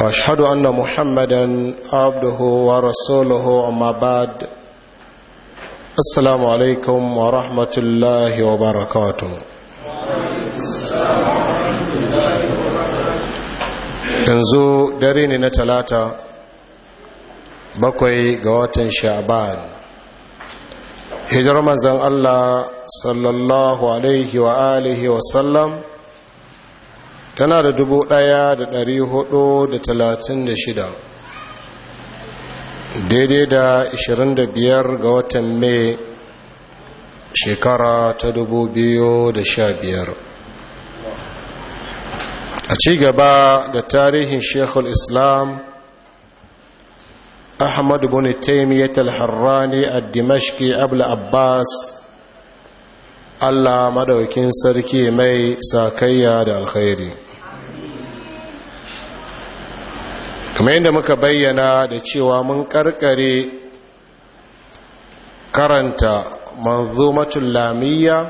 واشهد ان محمدا عبده ورسوله اما بعد السلام عليكم ورحمه الله وبركاته yanzu dare ne na talata bakwai ga watan sha'ban hijar manzan allah sallallahu alaihi wa alihi wasallam tana da dubu ɗaya da ɗari hudu da talatin da shida daidai da ishirin da biyar ga watan mai shekara ta dubu biyu da sha biyar a cigaba da tarihin shekul islam ahmad bin taimiyyar al-harrani a dimashki abla abbas allah madaukin sarki mai sakayya da alkhairi kamar yadda muka bayyana da cewa mun karkare karanta manzumatul lamiya,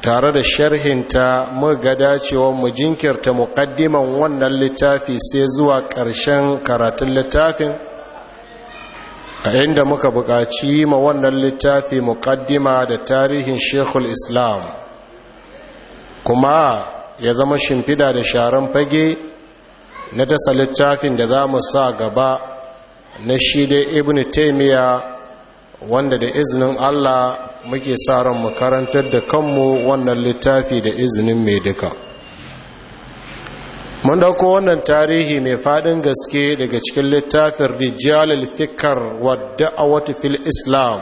tare da sharhinta muga dacewa mu jinkirta muƙaddiman wannan littafi sai zuwa ƙarshen karatun littafin a inda muka buƙaci ma wannan littafi muƙaddima da tarihin shekul islam kuma ya zama shimfida da sharan fage na dasa littafin da za mu sa gaba na shi dai ibn taimiya wanda da izinin allah muke sa ran mu karantar da kanmu wannan littafi da izinin mai duka mun dauko wannan tarihi mai fadin gaske daga cikin littafin rijalil fikar wadda a wata fil islam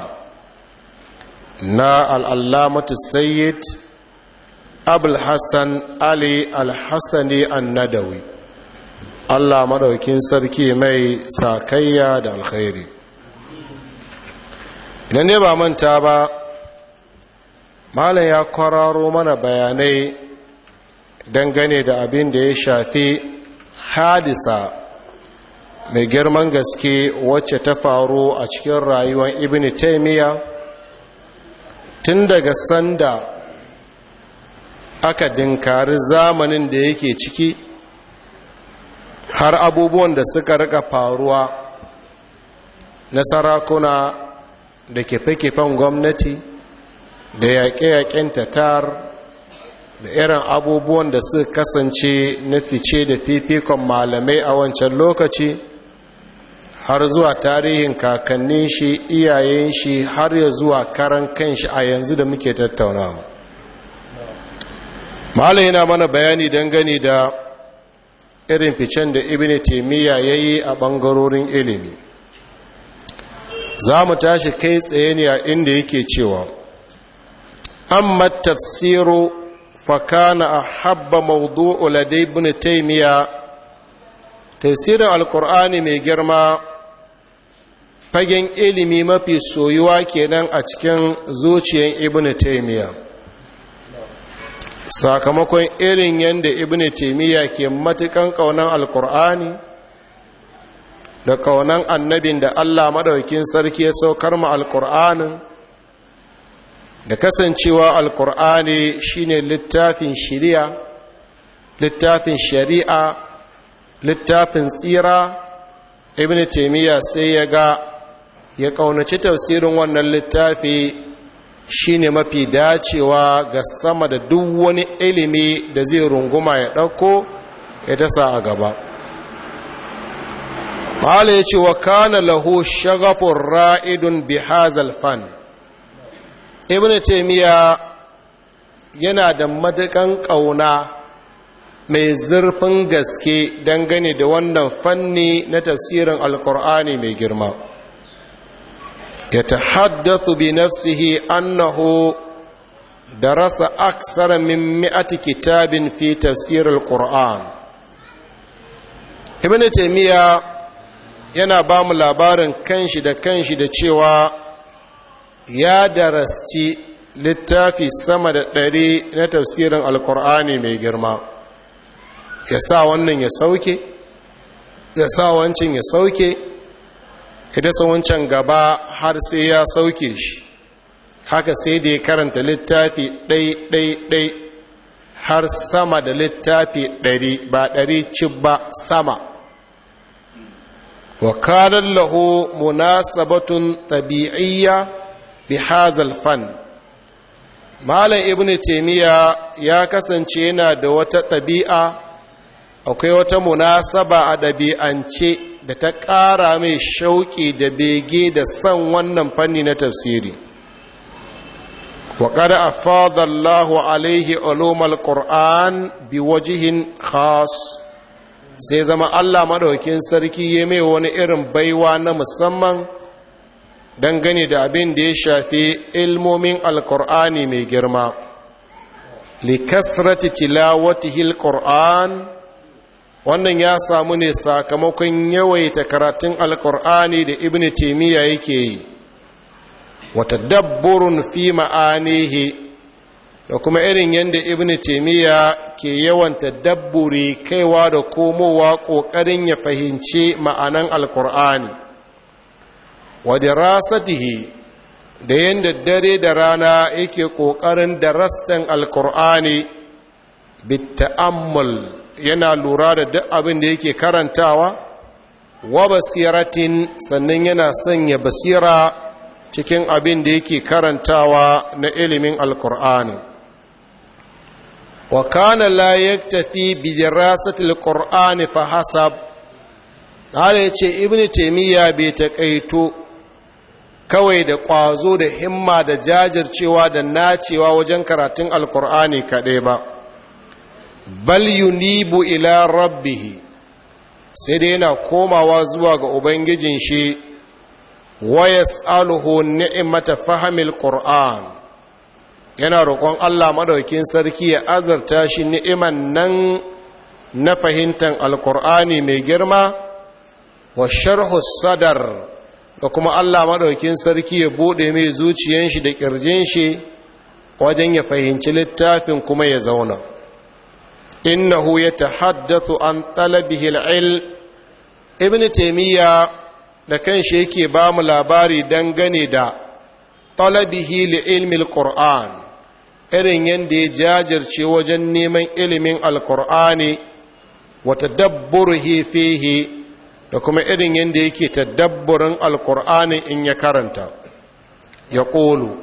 na al'allamatu sayyid abul hassan ali al-hassani an-nadawi Allah maɗaukin sarki mai sakayya da alkhairi idan ne ba manta ba malam ya kwararo mana bayanai dangane da abin da ya shafi hadisa mai girman gaske wacce ta faru a cikin rayuwar ibn taimiyya tun daga sanda aka dinkari zamanin da yake ciki har abubuwan da suka rika faruwa na sarakuna da kefe-kefen gwamnati da yaƙe-yaƙen tatar da irin abubuwan da suka kasance na fice da fifikon malamai a wancan lokaci har zuwa tarihin kakannin shi iyayen shi har ya zuwa karan kan shi a yanzu da muke tattaunawa malayi na mana bayani dangane da irin ficen da ibini taimiyya ya yi a ɓangarorin ilimi za mu tashi kai tsaye ne a inda yake cewa amma tafsiru fakana a habba maudu uladai ibn taimiyya tafsirin alkur'ani mai girma fagen ilimi mafi soyuwa kenan a cikin zuciyar ibn taimiyya sakamakon irin yadda ibn taimiyya ke matukan kaunan alkur'ani da kaunan annabin da allah madaukin sarki ya saukar ma alkur'anin da kasancewa alkur'ani shine littafin shari'a littafin shari'a littafin tsira ibn taimiyya sai ya ga ya kaunaci tafsirin wannan littafi shine mafi dacewa ga sama da duk wani ilimi da zai runguma ya ɗauko ya tasa a gaba mahala ya ce wa kana lahu shagafur ra'idun bi hazal fan ibn taimiyya yana da madakan ƙauna mai zurfin gaske dangane da wannan fanni na tafsirin alkur'ani mai girma yatahaddathu bi nafsihi annahu rasa aksara min mi'ati kitabin fi tafsir al ibn yana ba mu labarin kanshi da kanshi da cewa ya darasci littafi sama da ɗari na tafsirin alkur'ani mai girma ya sa wannan ya sauke ya sa wancin ya sauke ita dasa wancan gaba har sai ya sauke shi haka sai da ya karanta littafi ɗai-ɗai-ɗai har sama da littafi ɗari ba ɗari ci ba sama kanan laho munasabatun ɗabi'iyya bi hazal fan malam ibn taimiyya ya kasance yana da wata ɗabi'a akwai wata munasaba a ɗabi'ance da ta ƙara mai shauƙi da bege da san wannan fanni na tafsiri Waƙar a fadallahu alaihi ulumar ƙor'an bi wajihin khas sai zama allah maɗaukin sarki ya mai wani irin baiwa na musamman dangane da abin da ya shafi ilmomin alƙor'ani mai girma likasrati tilawatihil ƙor'an wannan ya samu ne sakamakon yawaita karatun alkur'ani da ibn timiya yake yi wata dabburun fi ma'anihi da kuma irin yadda ibn timiya ke yawan dabburi kaiwa da komowa ƙoƙarin ya fahimci ma'anan alkur'ani wa dirasatihi da yadda dare da rana yake ƙoƙarin darastan alkur'ani bitta'ammal yana lura da duk abin da yake karantawa wa basiratin sannan yana sanya basira cikin abin da yake karantawa na ilimin alkur'ani wa kana la yaktafi bi dirasati alqur'ani fa hasab hala ce ibnu taymiya bai takaito kawai da ƙwazo da himma da jajircewa da nacewa wajen karatun alkur'ani kaɗai ba bal yunibu ila rabbihi sai dai yana komawa zuwa ga ubangijin shi wa yas'aluhu ni'mata fahmil qur'an yana roƙon Allah madaukin sarki ya azarta shi ni'iman nan na fahimtar alqur'ani mai girma wa sharhu sadar da kuma Allah madaukin sarki ya bude mai zuciyar shi da kirjin shi wajen ya fahimci littafin kuma ya zauna innahu ya tahaddathu an talabihi al ibn taymiya da kanshi yake bamu labari dangane da talabihi li ilmi al-qur'an irin yanda ya jajirce wajen neman ilimin al-qur'ani wa tadabburihi fihi da kuma irin yanda yake tadabburin al-qur'ani in ya karanta ya qulu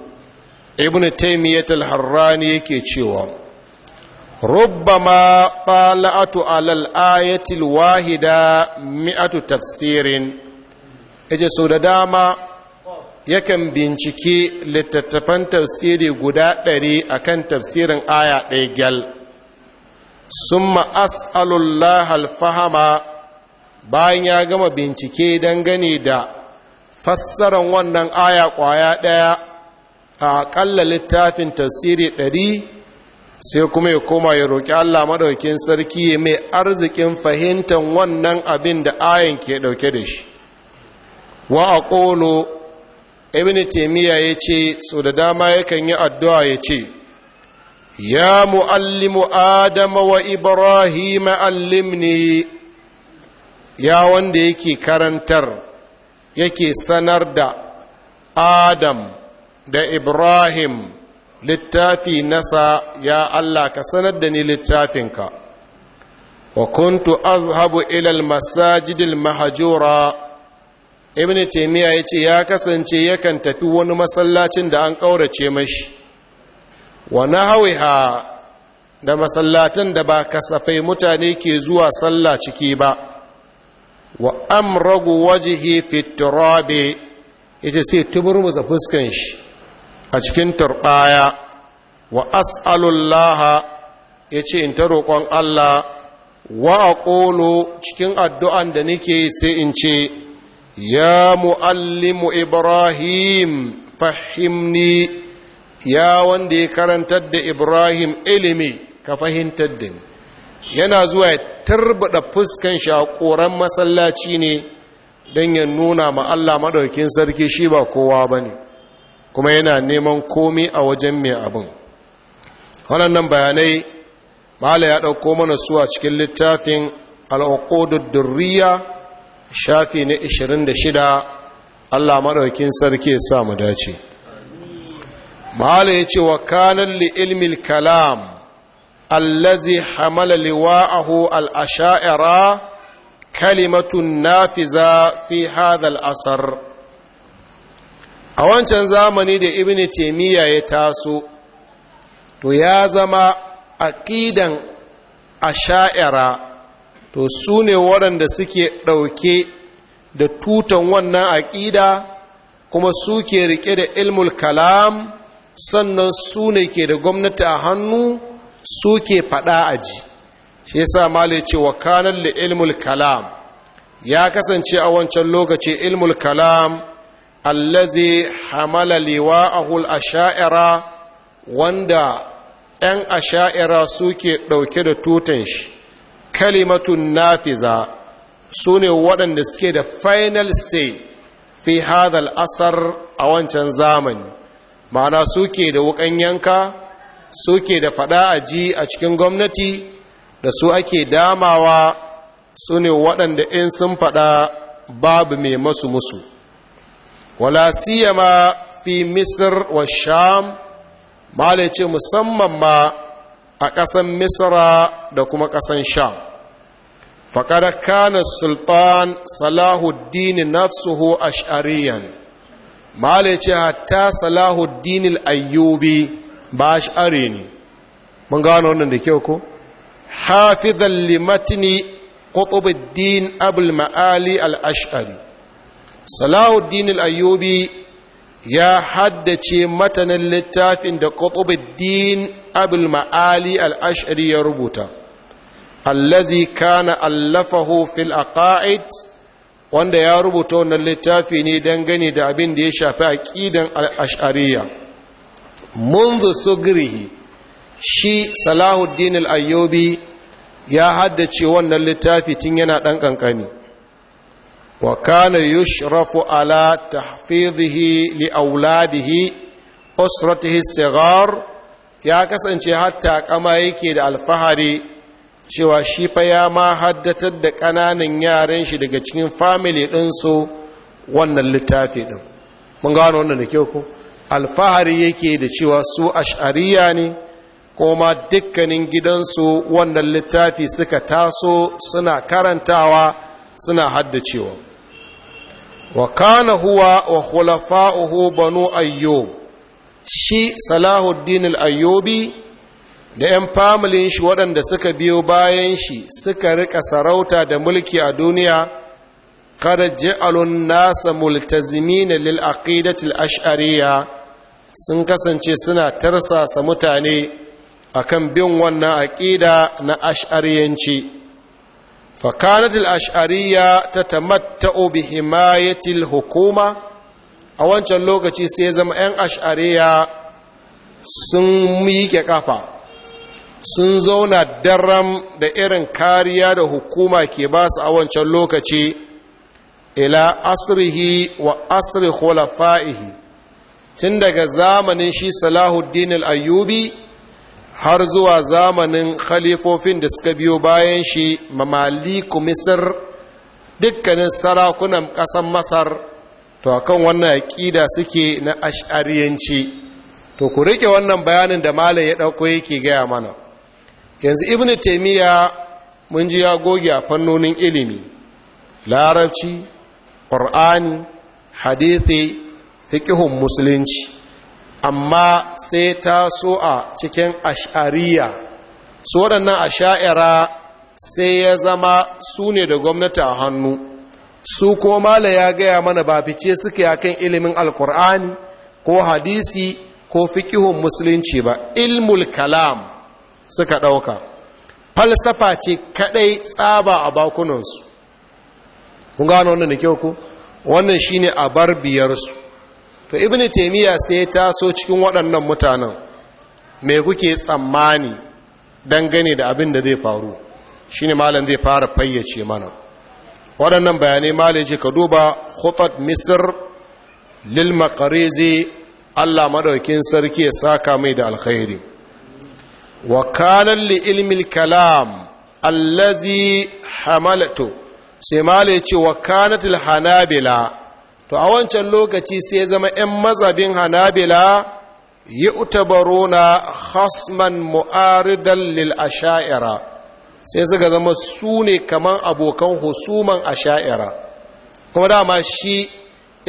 ibn taymiyyah al-harrani yake cewa ربما طالعت على الآية الواحدة مئة تفسير yace sau da dama yakan bincike littattafan tafsiri guda ɗari a kan tafsirin aya ɗaya gyal sun ma'as'alullah alfahama bayan ya gama bincike dangane da fassarar wannan aya ƙwaya ɗaya a ƙalla littafin tafsiri ɗari sai kuma ya koma ya roƙi Allah maɗaukin sarki ya mai arzikin fahimtar wannan abin da ayan ke ɗauke da shi wa aqulu ibn ya ce so da dama yakan yi addu'a ya ce. ya muallimu adama wa ibrahim ne? ya wanda yake karantar yake sanar da adam da ibrahim littafi nasa ya Allah ka sanar da ni littafinka wa kuntu azhabu ila al-masajid al-mahjura ibn taymiya yace ya kasance yakan tafi wani masallacin da an kaurace mashi wa nahawiha da masallatan da ba kasafai mutane ke zuwa sallah ciki ba wa amragu wajhi fi turabi yace sai tuburmuza fuskan shi a cikin turɓaya wa as'alullaha ya ce in ta roƙon Allah wa a ƙolo cikin addu'an da nake sai in ce ya mu'allimu ibrahim fahimni ya wanda ya karantar da ibrahim ilimi ka fahimtar da ni yana zuwa ya turbada fuskan shakoran masallaci ne don ya nuna ma Allah maɗaukin sarki shi ba kowa ba ne kuma yana neman komi a wajen mai abin waɗannan bayanai mala ya ɗauko mana su a cikin littafin al'uqudud shafi na 26 Allah maɗaukin sarki ya mu dace mala ya ce wa kanan li ilmil kalam allazi hamala liwa'ahu alasha'ira kalimatun nafiza fi hadha asar. a wancan zamani da ibini taimiyya ya taso to ya zama aƙidan sha'ira to su ne waɗanda suke ɗauke da tutan wannan aƙida kuma su ke riƙe da ilmul kalam sannan su ne ke da gwamnati a hannu su ke faɗa aji shi yasa male ce wa kanar da ilmul kalam ya kasance a wancan lokaci ilmul kalam allazi hamala liwa'ahul asha'ira wanda ‘yan asha'ira suke ɗauke da tutan shi kalimatun nafiza su ne waɗanda suke da final say fi hadal asar a wancan zamani ma'ana suke da wuƙan yanka suke da faɗa a ji a cikin gwamnati da su ake damawa sune ne waɗanda in sun faɗa babu mai masu musu wala siyama fi misir wa sham mala ce musamman ma a ƙasan misra da kuma ƙasan sham faƙar kana sultan salahuddin nafsuhu ash'ariyan mala ce hatta salahuddin ayyubi ba ash'ari ne mun gano wannan da kyau ko hafizan limatini qutubuddin abul ma'ali al-ash'ari salahuddin al-ayyubi ya haddace matanin littafin da qutubuddin abul ma'ali al'ash'ari ya rubuta allazi kana allafahu fil aqaid wanda ya rubuta wannan littafi ne dangane da abin da ya shafi aƙidan al munzu su صغره shi salahuddin al-ayyubi ya haddace wannan littafi tun yana ɗan ƙanƙani Wakana kana yushrafu ala tahfidhihi li auladihi usratihi ya kasance hatta kama yake da alfahari cewa shi fa ya ma haddatar da ƙananan yaran shi daga cikin family ɗinsu wannan littafi ɗin mun gano wannan da kyau ko alfahari yake da cewa su ash'ariya ne kuma dukkanin gidansu wannan littafi suka taso suna karantawa suna haddacewa wa kana huwa wa khulafa'uhu banu ayyub shi salahuddin ayyubi da 'yan familin shi waɗanda suka biyo bayan shi suka rika sarauta da mulki a duniya kada ji'alun nasa multazimina lil aqidatil ash'ariya sun kasance suna tarsasa mutane akan bin wannan aƙida na ash'ariyanci فكانت ta تتمتع بحماية الحكومة a لوكا سيزم sai zama 'yan ash'ariya sun zauna daram da irin kariya da hukuma ke ba su a wancan lokaci ila asrihi wa asri khulafa'ihi tun daga zamanin shi salahuddin al-ayyubi har zuwa zamanin khalifofin da suka biyo bayan shi mamaliku misir dukkanin sarakunan ƙasar masar to kan wannan aƙida suke na ash'ariyanci to ku rike wannan bayanin da malam ya ɗauko yake gaya mana yanzu ibn taimiyya mun ji ya goge a fannonin ilimi larabci ƙur'ani hadithi fiƙihun musulunci amma sai ta so a cikin ash'ariya su waɗannan asha'ira sai ya zama su ne da gwamnati a hannu su ko mala ya gaya mana ba fice suke akan ilimin alkur'ani ko hadisi ko fikihun musulunci ba ilmul kalam suka ɗauka falsafa ce kaɗai tsaba a bakunansu kun gano wannan da kyau ku wannan shine a barbiyarsu to ibn taimiyya sai taso cikin waɗannan mutanen me kuke tsammani dangane da abin da zai faru shine malam zai fara fayyace mana waɗannan bayanai malam ce ka duba khutat misr lil maqarizi Allah madaukin sarki ya saka mai da alkhairi wa kana li ilmi kalam allazi hamalatu sai malam ce wa kanat hanabila to a wancan lokaci sai zama 'yan mazabin hanabila yi utabaruna hasman mu'aridan lil asha'ira sai suka zama su ne kamar abokan husuman asha'ira kuma dama shi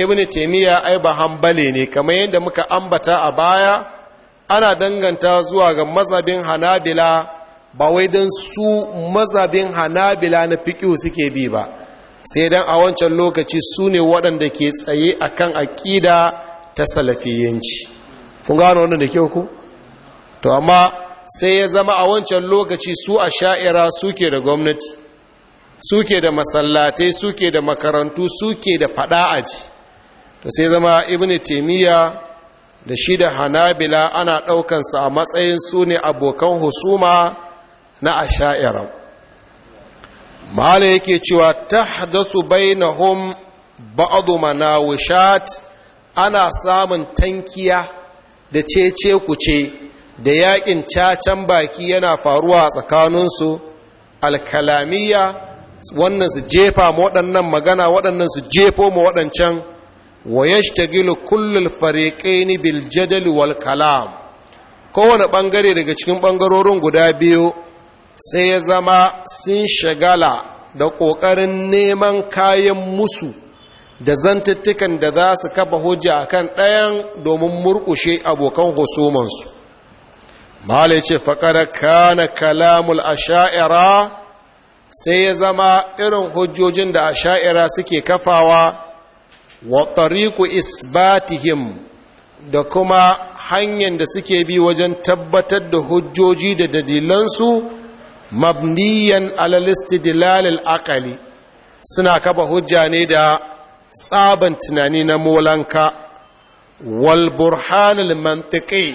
ibn taimiyya ai ba hambale ne kamar yadda muka ambata a baya ana danganta zuwa ga mazabin hanabila ba wai don su mazabin hanabila na fiƙiu suke bi ba sai dan a wancan lokaci su ne waɗanda ke tsaye a kan aƙida ta salafiyanci kun gano wannan da ke ku to amma sai ya zama a wancan lokaci su a sha'ira suke da gwamnati suke da masallatai suke da makarantu suke da fada aji to sai zama ibn taimiyya da shi da hanabila ana ɗaukansa a matsayin su ne abokan husuma na a sha'ira mahala yake cewa ta hadasu bainahum ba'adu manawishat ana samun tankiya da cece kuce da yakin cacan baki yana faruwa a tsakaninsu alkalamiya wannan su jefa waɗannan magana waɗannan su jefo ma waɗancan wa yashtagilu kullul kullum bil jadal wal kalam kowane ɓangare daga cikin ɓangarorin guda biyu sai ya zama sun shagala da ƙoƙarin neman kayan musu da zantattukan da za su kafa hujja a kan ɗayan domin murƙushe abokan husumansu mala ce faƙarar kana kalamul asha'ira sai ya zama irin hujjojin da asha'ira suke kafawa wa tariku isbatihim da kuma hanyar da suke bi wajen tabbatar da hujjoji da dalilansu mabniyan alalisti dilalil akali suna kaba hujja ne da tsaban tunani na molanka wal burhanul mantiki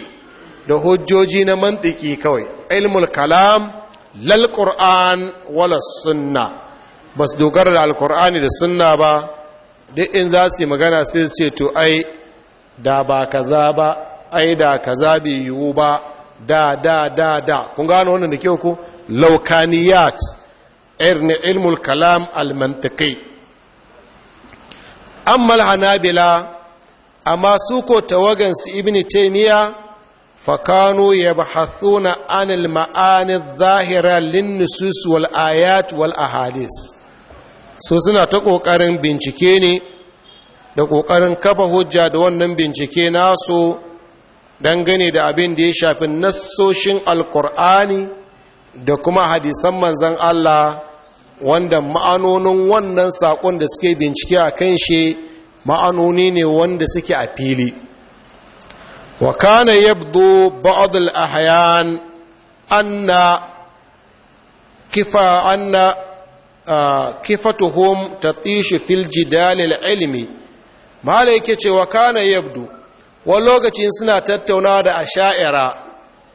da hujjoji na mantiki kawai ilmul kalam lal qur'an wala sunna bas dogara da alqur'ani da sunna ba duk in za su yi magana sai su ce to ai da ba kaza ba ai da kaza bai yiwu ba da da da da kun gano wannan da kyau ko laukaniyat irin ilmul kalam amma ammal hanabila amma su ko tawagan su ibn taymiya kanu yabhathuna al ma'ani zahira lin nusus wal ayat wal ahadis so suna ta kokarin bincike ne da kokarin kafa hujja da wannan bincike nasu dangane da abin da ya shafi nassoshin alkur'ani da kuma hadisan manzan Allah wanda ma'anonin wannan saƙon da suke bincike a kan shi ma'anoni ne wanda suke a fili wa kana yabdo ba'adul ahyan anna kifa anna kifatuhum tatishi fil jidal ilmi mala yake wa kana yabdo wani lokacin suna tattaunawa da asha'ira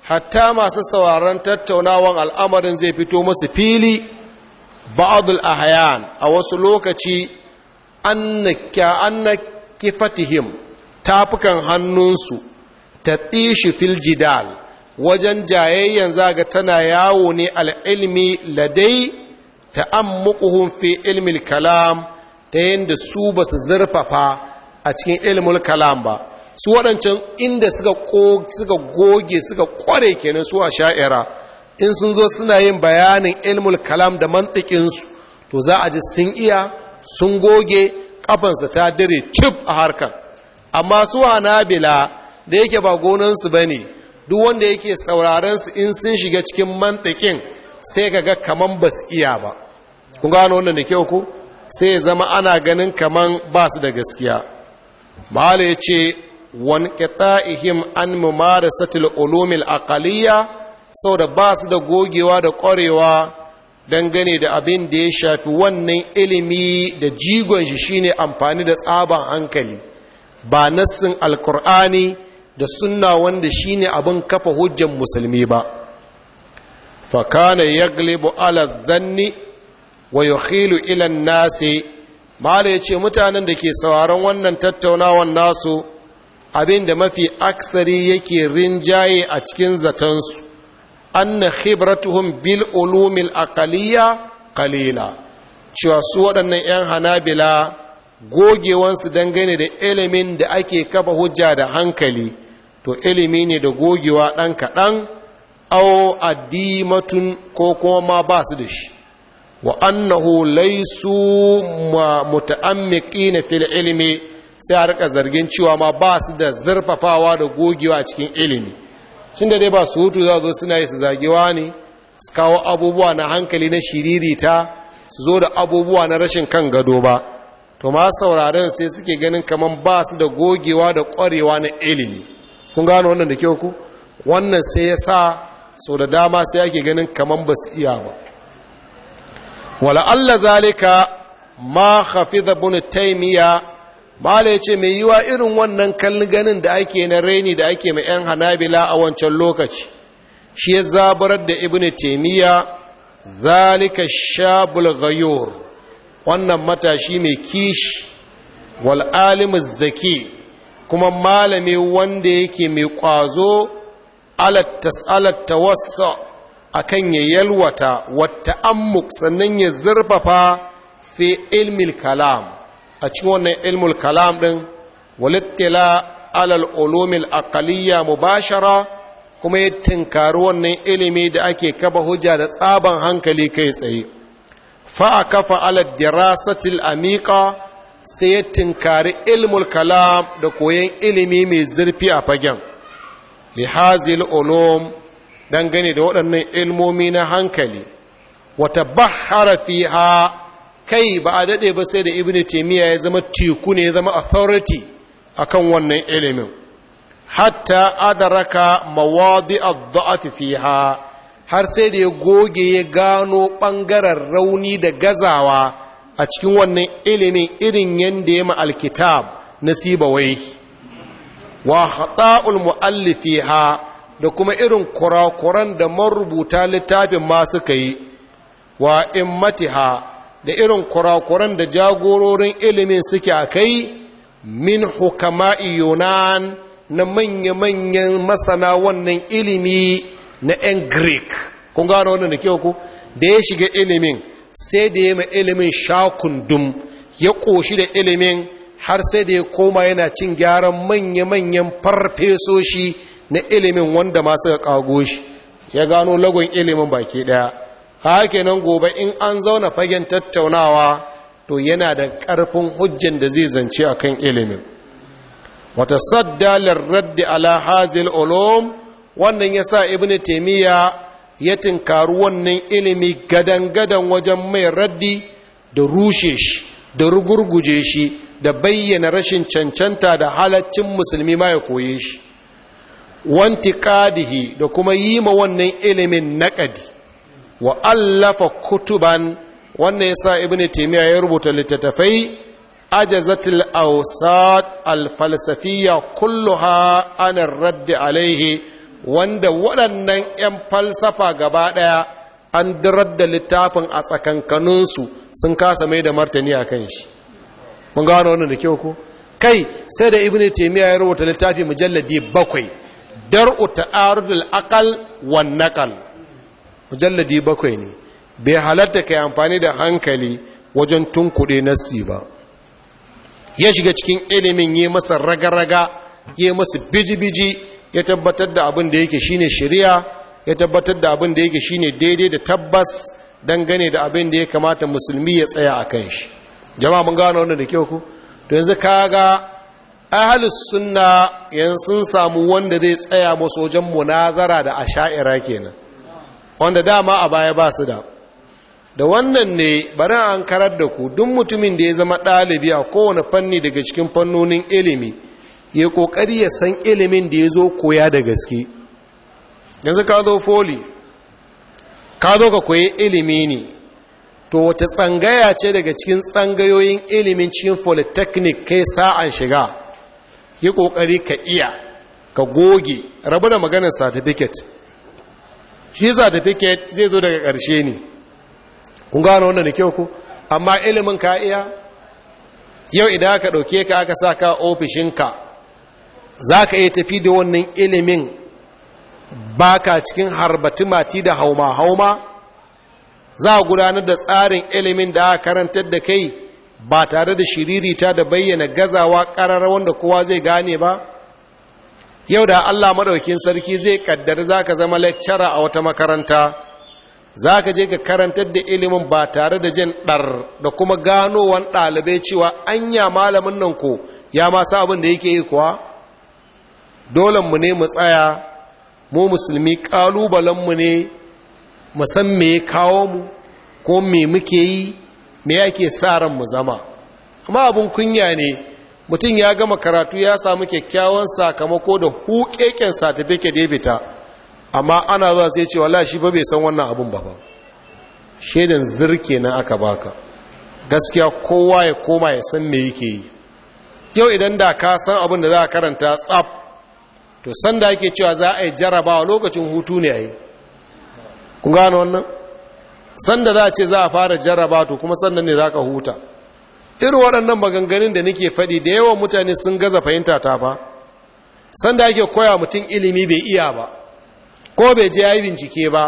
hatta masu sauraron tattaunawan al'amarin zai fito masu fili ba'adul ahayan a wasu lokaci anna kifatihim tafukan hannunsu ta tsishi fil jidal wajen jayayyan zaga tana yawo ne al'ilmi ladai ta ta'ammuquhum fi ilmil kalam ta yadda su ba su zurfafa a cikin ilmul kalam ba su waɗancan inda suka goge suka kware kenan su a sha'ira in sun zo suna yin bayanin ilmul kalam da mantikinsu to za a ji sun iya sun goge kafansa ta dare cif a harkar amma su hanabila da yake ba gonansu ba ne duk wanda yake saurarensu in sun shiga cikin mantikin sai ka ga kaman ba su iya ba kun gano wannan da kyau ku sai zama ana ganin kaman ba su da gaskiya ba ya ce wanqita'ihim an mumarasatil ulumil sau da ba su da gogewa da ƙwarewa dangane da abin da ya shafi wannan ilimi da jigon shi shine amfani da tsaban hankali ba nassin alkur'ani da sunna wanda shine abin kafa hujjan musulmi ba fakana ya galibu ala zanni wa yukhilu ilan nasi ya ce mutanen da ke sauraron wannan tattaunawan nasu abin da mafi aksari yake rinjaye a cikin zatansu anna khibratuhum bil ulumil akaliya kalila cewa su waɗannan 'yan hanabila gogewansu dangane da ilimin da ake kafa hujja da hankali to ilimi ne da gogewa ɗan kaɗan au addimatun ko kuma ma ba su da shi wa annahu laysu muta'ammiqina fil ilimi. sai a rika zargin cewa ma ba su da zarfafawa da gogewa a cikin ilimi shin da dai ba su hutu za zo suna yi su zagewa ne su kawo abubuwa na hankali na shiririta su zo da abubuwa na rashin kan gado ba to ma sauraren sai suke ganin kaman ba su da gogewa da ƙwarewa na ilimi kun gano wannan da kyau ku wannan sai ya sa sau da dama sai ake ganin kaman ba su iya ba wala'alla zalika ma hafi da mala ya ce mai yiwa irin wannan kallon ganin da ake na raini da ake mai 'yan hanabila a wancan lokaci shi ya zabarar da ibn taimiyya zalika shabul gayor wannan matashi mai kishi wal zaki kuma malami wanda yake mai kwazo wasa a akan ya yalwata wata ammuk sannan ya zurfafa fi ilmil kalam a cikin wannan ilmul kalam din walittila alal ulumil aqaliyya mubashara kuma ya tinkari wannan ilimi da ake kaba hujja da tsaban hankali kai tsaye fa kafa ala dirasatil amiqa sai ya tinkari ilmul kalam da koyon ilimi mai zurfi a fagen li hazil ulum dangane da waɗannan ilmomi na hankali wata bahara fiha kai ba a daɗe ba sai da ibn taimiyya ya zama teku ne ya zama authority akan wannan ilimin hatta adaraka mawadi ad fiha har sai da ya goge ya gano ɓangaren rauni da gazawa a cikin wannan ilimin irin yanda ya ma'alkitab nasiba wai wa khata'ul muallifiha da kuma irin kurakuran da marubuta littafin ma suka yi wa immatiha da irin kurakuran da jagororin ilimin suke a kai min hukama'i yunan na manya-manyan masana wannan ilimi na 'yan greek kun gano wannan da kyau ku da ya shiga ilimin sai da ya ma ilimin shakundum ya ƙoshi da ilimin har sai da ya koma yana cin gyaran manya-manyan farfesoshi na ilimin wanda masu ga ƙago shi ya gano lagon ilimin baki ɗaya haka nan gobe in an zauna fagen tattaunawa to yana da ƙarfin hujjan da zai zance a kan ilimin wata saddalar raddi ala hazil olom wannan ya sa ibn taimiyya ya tinkaru wannan ilimi gadan-gadan wajen mai raddi da rushe shi da rugurguje shi da bayyana rashin cancanta da halaccin musulmi ma ya koye shi wanti kadihi da kuma yi ma wannan ilimin naƙadi wa allafa kutuban wannan ya sa ibnu taymiya ya rubuta littattafai ajazatul awsat al falsafiyya kulluha ana raddi alaihi wanda waɗannan 'yan falsafa gaba ɗaya an dirar da littafin a tsakankaninsu sun kasa mai da martani a kan shi mun gano wannan da kyau ko kai sai da ibnu taymiya ya rubuta littafi mujalladi bakwai dar'u ta'arudul aqal wan naqal mujalladi bakwai ne bai halatta kai amfani da hankali wajen tunkuɗe nassi ba ya shiga cikin ilimin yi masa raga-raga yi masa biji-biji ya tabbatar da abin da yake shine shari'a ya tabbatar da abin da yake shine daidai da tabbas dangane da abin da ya kamata musulmi ya tsaya a kan shi jama'a mun gano wannan da kyau ku to yanzu kaga ahli sunna yanzu sun samu wanda zai tsaya masu wajen munazara da a sha'ira kenan wanda dama a baya ba su da da wannan ne bari an karar da ku duk mutumin da ya zama ɗalibi a kowane fanni daga cikin fannonin ilimi ya ƙoƙari ya san ilimin da ya zo koya da gaske yanzu ka zo foli ka zo ka koyi ilimi ne to wace tsangaya ce daga cikin tsangayoyin ilimin cikin polytechnic kai sa'an shiga yi ƙoƙari ka iya ka goge rabu da maganar certificate shi certificate zai zo daga ƙarshe ne kun gano wannan da kyau ku amma ilimin ka iya yau idan aka ɗauke ka aka sa ka ofishinka za ka iya tafi da wannan ilimin baka cikin harbati mati da hauma-hauma za a gudanar da tsarin ilimin da aka karantar da kai ba tare da shiririta da bayyana gazawa ƙarar wanda kowa zai gane ba yau da Allah madaukin sarki zai kaddar zaka zama lecturer a wata makaranta zaka je ka karantar da ilimin ba tare da jin dar da kuma ganowan ɗalibai cewa anya malamin nan ko ya ma sa abin da yake yi kuwa dole mu ne mu tsaya mu musulmi kalubalen mu ne mu san me ya kawo mu ko me muke yi me yake sa ran mu zama amma abin kunya ne mutum ya gama karatu ya samu kyakkyawan sakamako da huƙeƙen certificate da ya fita amma ana zuwa sai ce wala shi ba bai san wannan abun ba ba Shaidan zirke na aka baka gaskiya kowa ya koma ya san me yake yi yau idan da ka san abin da za a karanta tsaf to san da ake cewa za a yi jarabawa lokacin hutu ne a yi ku gane wannan san da za a ce za a fara jarabawa to kuma sannan ne za ka huta irin waɗannan maganganun da nake faɗi da yawan mutane sun gaza fahimta ta fa sanda ake koya mutum ilimi bai iya ba ko bai je ya yi bincike ba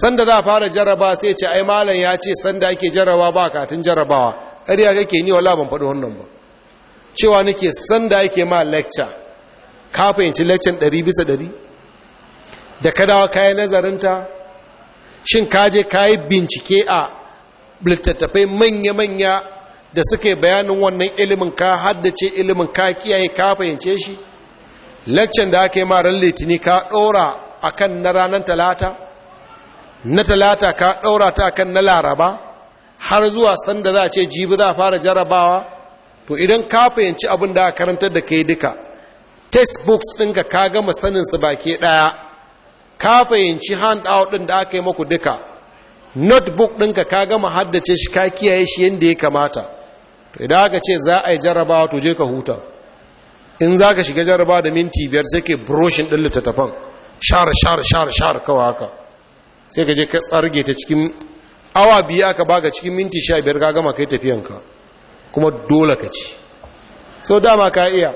sanda za a fara jarraba sai ce ai malam ya ce sanda ake jaraba ba katin jarrabawa ƙarya kake ni wala ban faɗi wannan ba cewa nake sanda ake ma lecture ka fahimci lecture ɗari bisa ɗari da ka dawa kayan nazarinta shin ka je ka yi bincike a littattafai manya-manya da suke bayanin wannan ilimin ka haddace ilimin ka kiyaye ka fahimce shi laccan da aka yi ran litini ka ɗora a kan na ranar talata na talata ka ɗora ta kan na laraba har zuwa sanda za a ce jibi za a fara jarabawa to idan ka fahimci abin da aka karantar da kai duka textbooks ɗinka ka gama sanin su baki ɗaya ka fahimci handout ɗin da aka yi maku duka notebook ɗinka ka gama haddace shi ka kiyaye shi yadda ya kamata to idan aka ce za a yi jarrabawa to je ka huta in za ka shiga jarrabawa da minti biyar sai ke broshin ɗin littattafan shara shara shara shara kawai haka sai ka je ka tsarge ta cikin awa biyu aka baka cikin minti sha biyar ka gama kai tafiyanka kuma dole ka ci sau dama ka iya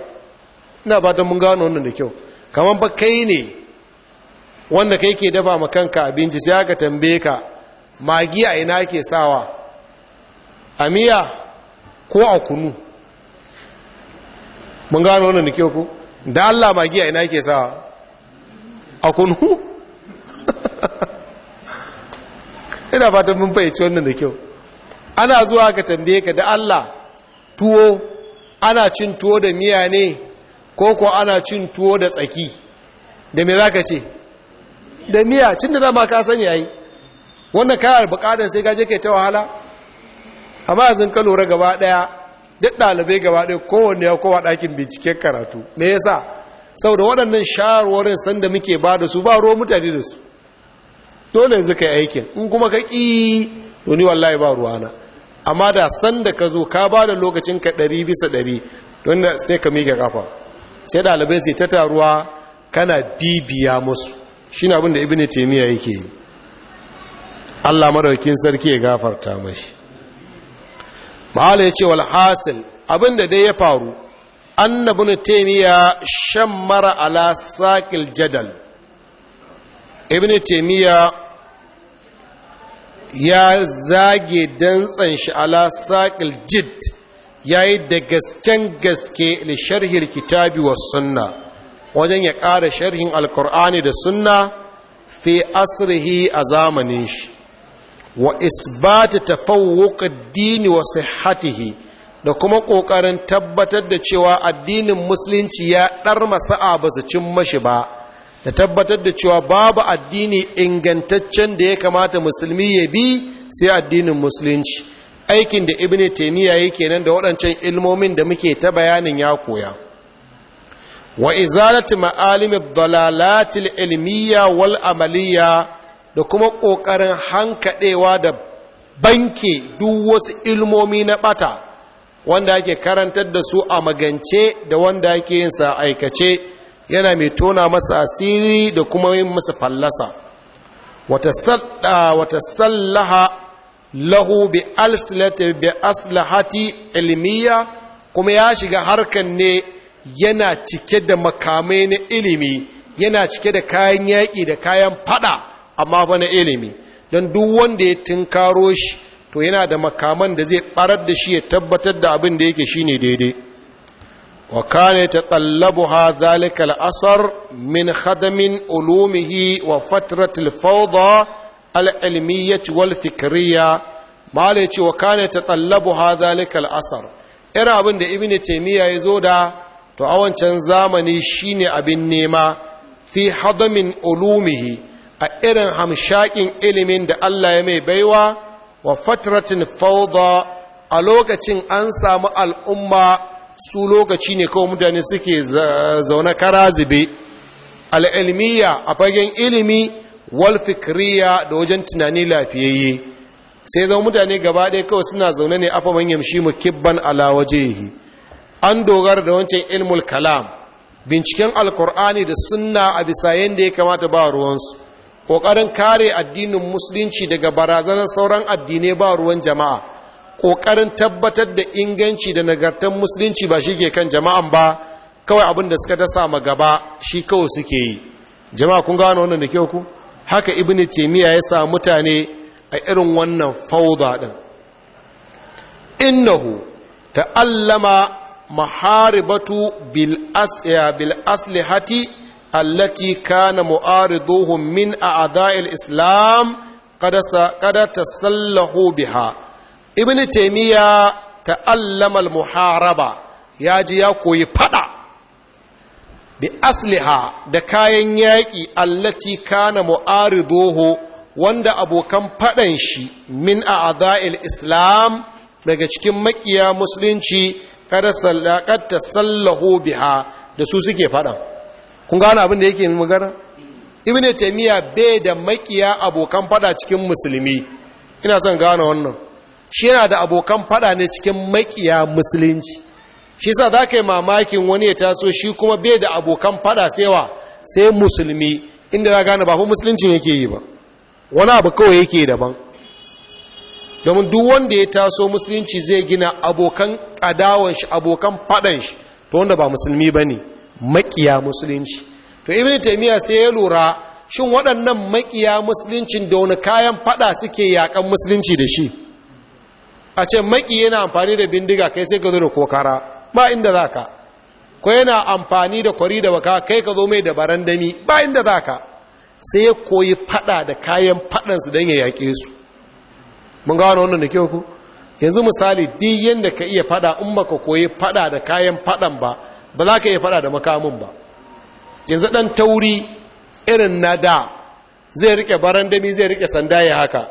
ina fatan mun gano wannan da kyau kamar ba kai ne wanda kai ke dafa ma kanka abinci sai aka tambaye ka magi a ina ke sawa a miya ko a kunu mun gano wannan nike ku da Allah magi a ina ke sawa a kunu ina fatan mun fahimci wannan da kyau ana zuwa ka tambaye ka da Allah tuwo ana cin tuwo da miya ne ko ko ana cin tuwo da tsaki da me zaka ce da miya cin da dama ka sani yi, wannan kayar bukatar sai ka je kai ta wahala amma yanzu ka lura gaba ɗaya duk ɗalibai gaba ɗaya kowanne ya kowa ɗakin binciken karatu me yasa saboda waɗannan shawarwarin sanda muke ba da su ba ruwa mutane da su dole yanzu ka yi aikin in kuma ka ƙi doni wallahi ba ruwana amma da sanda ka zo ka ba da lokacin ka ɗari bisa ɗari don da sai ka miƙe kafa sai ɗalibai sai ta taruwa kana bibiya musu shi abin da ibini taimiyya yake yi allah maraukin sarki ya gafarta mashi mahala ya ce wal hasil abinda dai ya faru annabin taimiyya mara ala sakil jadal ibn taimiyya ya zage dantsan shi ala sakil jid ya yi da gasken gaske da sharhir kitabi wa sunna wajen ya ƙara sharhin alkur'ani da sunna fi asirhi a zamanin shi wa isbata tafawwuq ad wa sihhatihi da kuma kokarin tabbatar da cewa addinin musulunci ya dar masa'a ba su cin mashi ba da tabbatar da cewa babu addini ingantaccen da ya kamata musulmi ya bi sai addinin musulunci aikin da ibn taymiya yake nan da waɗancan ilmomin da muke ta bayanin ya koya wa izalati ma'alimi ad-dalalat al-ilmiyya wal amaliyya da kuma ƙoƙarin hankaɗewa da banke duk wasu ilmomi na ɓata wanda ake karantar da su a magance da wanda ake yin sa aikace yana mai tona masa asiri da kuma yin masa fallasa wata sallaha lahu bi aslahati ilmiya kuma ya shiga harkan ne yana cike da makamai na ilimi yana cike da kayan yaƙi da kayan fada amma ba na ilimi don duk wanda ya tinkaro shi to yana da makaman da zai barar da shi ya tabbatar da abin da yake shine daidai wa kana tatallabuha zalika al-asar min khadamin ulumihi wa fatrat al-fawda al-ilmiyyah wal fikriyya mala yace wa kana tatallabuha zalika al-asar ira abin da ibnu taymiya yazo da to a wancan zamani shine abin nema fi hadamin ulumihi a irin hamshakin ilimin da Allah ya mai baiwa wa fatratin fauda a lokacin an samu al'umma su lokaci ne kawai mutane suke zaune kara zube al'ilmiya a fagen ilimi wal fikriya da wajen tunani lafiyayye sai zama mutane gaba ɗaya kawai suna zaune ne afa manyan shi mu kibban ala an dogara da wancan ilmul kalam binciken alkur'ani da sunna a bisa yadda ya kamata ba ruwansu ƙoƙarin kare addinin musulunci daga barazanar sauran addinai ba ruwan jama'a ƙoƙarin tabbatar da inganci da nagartar musulunci ba shi ke kan jama'an ba kawai abin da suka dasa ma gaba shi kawai suke yi jama'a kun gano wannan da kyau ku haka ibn taymiya ya sa mutane a irin wannan fauda din innahu ta'allama maharibatu bil asya bil aslihati allati kana mu'ariduhum min a'da'il islam kada kada tasallahu biha ibn taymiya ta'allama al-muharaba ya ji ya koyi faɗa bi asliha da kayan yaƙi allati kana mu'ariduhu wanda abokan faɗan shi min a'da'il islam daga cikin maƙiya musulunci kada sallakat tasallahu biha da su suke faɗan. kun gane abin da yake magana ibn taymiya bai da makiya abokan fada cikin musulmi ina son gane wannan shi yana da abokan fada ne cikin makiya musulunci shi sa za ka yi mamakin wani ya taso shi kuma bai da abokan fada saiwa sai musulmi inda za gane ba fa musulunci yake yi ba wani abu kawai yake daban domin duk wanda ya taso musulunci zai gina abokan kadawanshi, abokan fadan shi to wanda ba musulmi ba ne makiya musulunci to ibn taymiya sai ya lura shin waɗannan makiya musuluncin da wani kayan fada suke yakan musulunci da shi a ce maki yana amfani da bindiga kai sai ka zo da kokara ba inda za ka ko yana amfani da kwari da baka kai ka zo mai da barandami ba inda za ka sai ya koyi fada da kayan fadansu dan ya yaƙe su mun gano wannan da kyau ku yanzu misali duk yadda ka iya fada in baka koyi fada da kayan fadan ba ba za ka iya fada da makamun ba yanzu ɗan tauri irin na da zai rike barandami zai rike sanda ya haka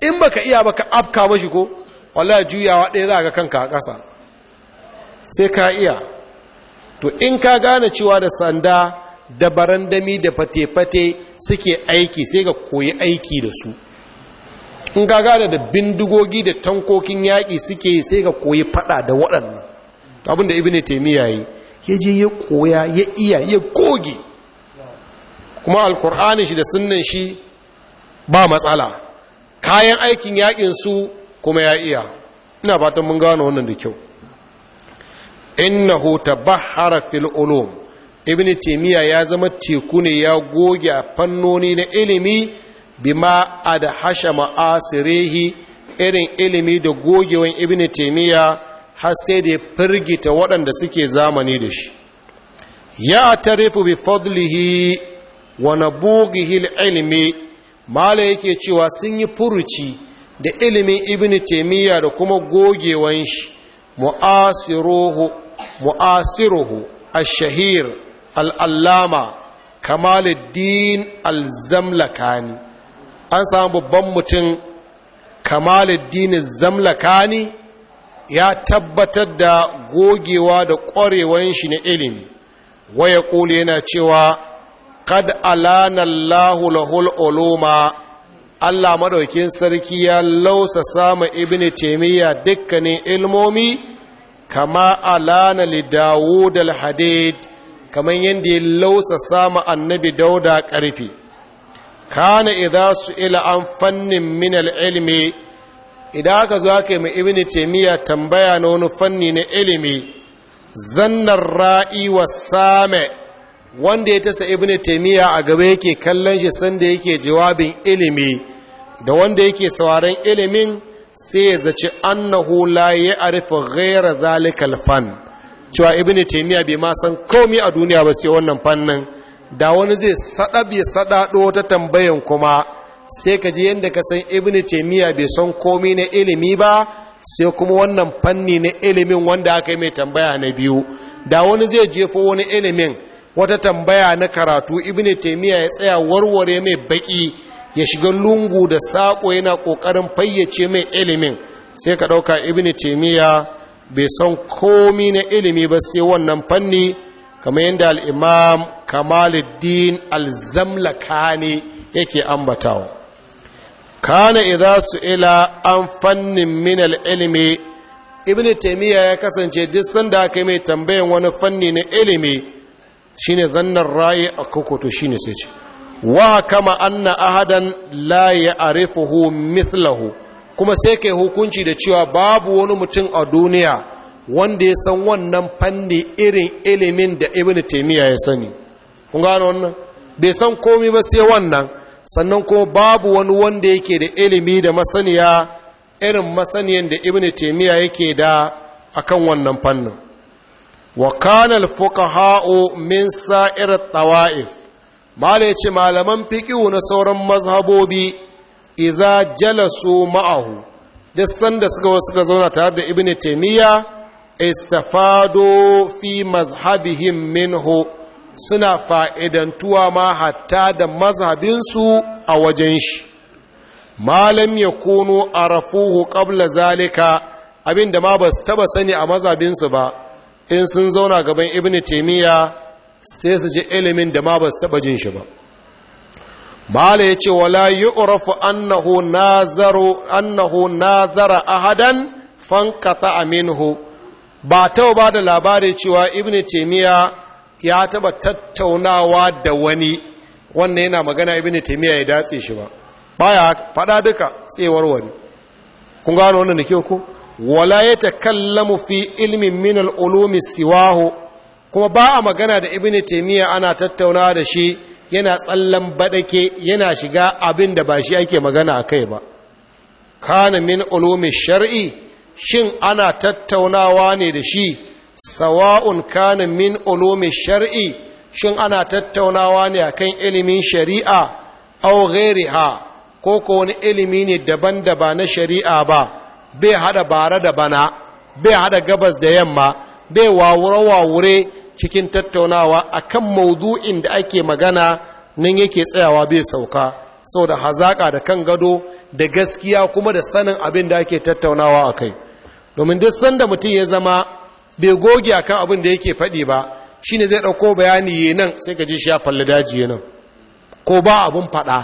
in baka iya baka afka mashi ko wallahi juyawa ɗaya za ka kanka a ƙasa sai ka iya to in ka gane cewa da sanda da barandami da fate-fate suke aiki sai ga koyi aiki da su in ka gane da bindigogi da tankokin yaƙi suke sai ka koyi fada da waɗannan abinda ibn taimiyya ya je ya koya ya iya ya goge kuma alkur'ani shi da sunnan shi ba matsala kayan aikin yakin su kuma ya iya ina fatan mun gano wannan da kyau innahu tabahhara fil ulum ibn taymiya ya zama teku ne ya goge fannoni na ilimi bima adhasha ma'asirihi irin ilimi da gogewan ibn taymiya har sai da ya firgita waɗanda suke zamani da shi ya tarifu bi fadlihi wa ilimi, ilmi mala yake cewa sun yi furuci da ilimin ibn taimiyya da kuma gogewan shi mu'asiruhu a shahir al'allama kamaluddin al-zamlakani an samu babban mutum kamaluddin al-zamlakani ya tabbatar da gogewa da ƙwarewan shi na ilimi waya ƙuli yana cewa kad alanallahu lahul uluma Allah madaukin sarki ya lausa sama ibn taimiyya dukkanin ilmomi kama alana li dawud da hadid kamar yadda ya lausa sama annabi dauda ƙarfi kana idza su'ila an fannin minal ilmi idan aka zo aka yi mai ibini taimiyya tambaya na wani fanni na ilimi zannar ra'i wa same wanda ya tasa ibini taimiyya a gaba yake kallon shi sanda yake jawabin ilimi da wanda yake sauraron ilimin sai ya zaci annahu la ya arifa ghera zalikal fan cewa ibini taimiyya bai ma san komi a duniya ba sai wannan fannin da wani zai sadab ya sadado ta tambayan kuma sai ka ji yadda ka san ibn taimiyya bai son komi na ilimi ba sai kuma wannan fanni na ilimin wanda aka yi mai tambaya na biyu da wani zai jefo wani ilimin wata tambaya na karatu ibn taimiyya ya tsaya warware mai baki ya shiga lungu da saƙo yana ƙoƙarin fayyace mai ilimin sai ka ɗauka ibn taimiyya bai son komi na ilimi ba sai wannan fanni kamar yadda al'imam kamaluddin alzamlaka ne yake ambatawa kana idza su'ila an fannin min al-ilmi ibnu taymiya ya kasance duk sanda aka mai tambayan wani fanni na ilimi shine zannar rayi a kokoto shine sai ce wa kama anna ahadan la ya'rifuhu mithlahu kuma sai kai hukunci da cewa babu wani mutum a duniya wanda ya san wannan fanni irin ilimin da ibnu taymiya ya sani kun gano wannan bai san komai ba sai wannan sannan kuma babu wani wanda yake da ilimi da masaniya irin masaniyan da ibn taimiyya yake da akan wannan fannin wa kana al-fuqaha'u min sa'ir at-tawa'if mala ce malaman fiqhu na sauran mazhabobi idza jalasu ma'ahu duk sanda suka suka zauna tare da ibn taimiyya istafado fi mazhabihim minhu suna fa'idantuwa ma hatta da mazhabinsu a wajen shi malam ya kono a rafuhu ƙabla zalika abinda ma ba su taba sani a mazhabinsu ba in sun zauna gaban ibn taimiyya sai su ji ilimin da ma ba su taba jin shi ba mala ya ce wala yi urafu annahu nazara ahadan fankata aminhu ba ta ba da labari cewa ibn taimiyya ya taba tattaunawa da wani wannan yana magana ibn taymiya ya datse shi ba baya fada duka tsewar wani kun gano wannan da ke ku wala ya mu fi ilmin min al siwaho kuma ba a magana da ibn taymiya ana tattaunawa da shi yana tsallan baɗake, yana shiga abin da ba shi ake magana a kai ba kana min ulumi shar'i shin ana tattaunawa ne da shi sawa'un kana min ulumi shar'i shin ana tattaunawa ne akan ilimin shari'a aw ghairiha ko ko wani ilimi ne daban da ba na shari'a ba bai hada bara da bana bai hada gabas da yamma bai wawure wawure cikin tattaunawa akan maudu'in da ake magana nan yake tsayawa bai sauka da hazaka da kan gado da gaskiya kuma da sanin abin da ake tattaunawa a kai. domin duk sanda mutum ya zama bai goge akan abin da yake faɗi ba shi ne zai ɗauko bayani nan sai ka ji shi ya falle daji nan ko ba abin faɗa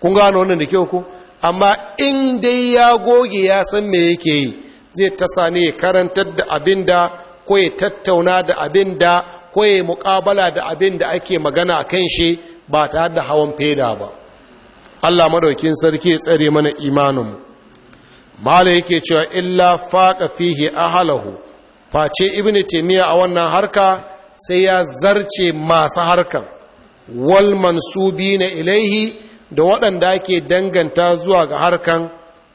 kun gano wannan da kyau ko amma in dai ya goge ya san me yake yi zai tasa ne ya karantar da abin da ko ya tattauna da abin da ko ya muƙabala da abin da ake magana a kan shi ba tare da hawan feda ba allah madaukin sarki ya tsare mana imaninmu mala yake cewa illa faƙa fihi ahalahu face ibn taimiyya a wannan harka sai ya zarce masu harkan wal mansubi na ilaihi da waɗanda ake danganta zuwa ga harkan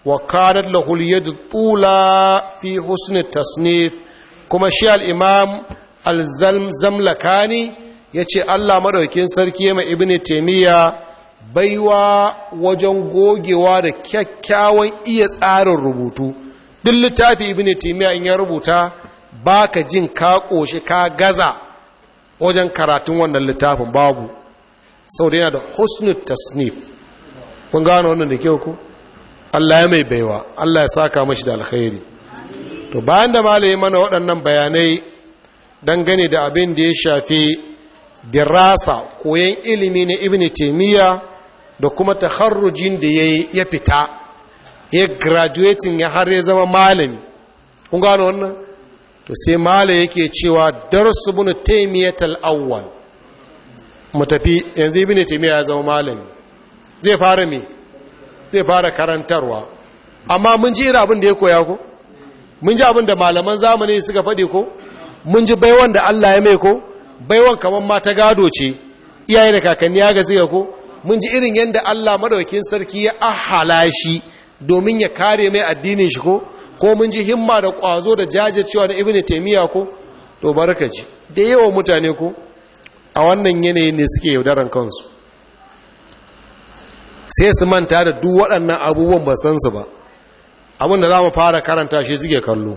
wa karar lahul yadda tula fi husni tasnif kuma shi al'imam al-zamlakani ya ce allah maɗaukin sarki mai ibn taimiyya baiwa wajen gogewa da kyakkyawan iya tsarin rubutu duk littafi ibn taimiyya in ya rubuta ba ka jin ka ƙoshi ka gaza wajen karatun wannan littafin babu sau da yana da husnul tasnif kun gano wannan da kyau ku allah ya mai baiwa allah ya saka mashi da alkhairi to bayan da malaye mana waɗannan bayanai dangane da abin da ya shafi dirasa koyon ilimi na ibn taimiyya da kuma taharrujin da ya fita ya graduating ya har ya zama malami kun gano wannan to sai mala yake cewa darsu bin taimiyatal awwal mu yanzu ibn taimiya ya zama malami zai fara me zai fara karantarwa amma mun ji irin abin da ya koya ko mun ji abin da malaman zamani suka faɗi ko mun ji baiwan da Allah ya mai ko baiwan kamar mata gado ce iyaye da kakanni ya gaziga ko mun ji irin yadda Allah madaukakin sarki ya ahala shi domin ya kare mai addinin shi ko ko mun ji himma da kwazo da jajircewa na ibn taimiyya ko to barkaci da yawan mutane ko a wannan yanayin ne suke yaudaran kansu sai su manta da duk waɗannan abubuwan ba san su ba abin da za mu fara karanta shi suke kallo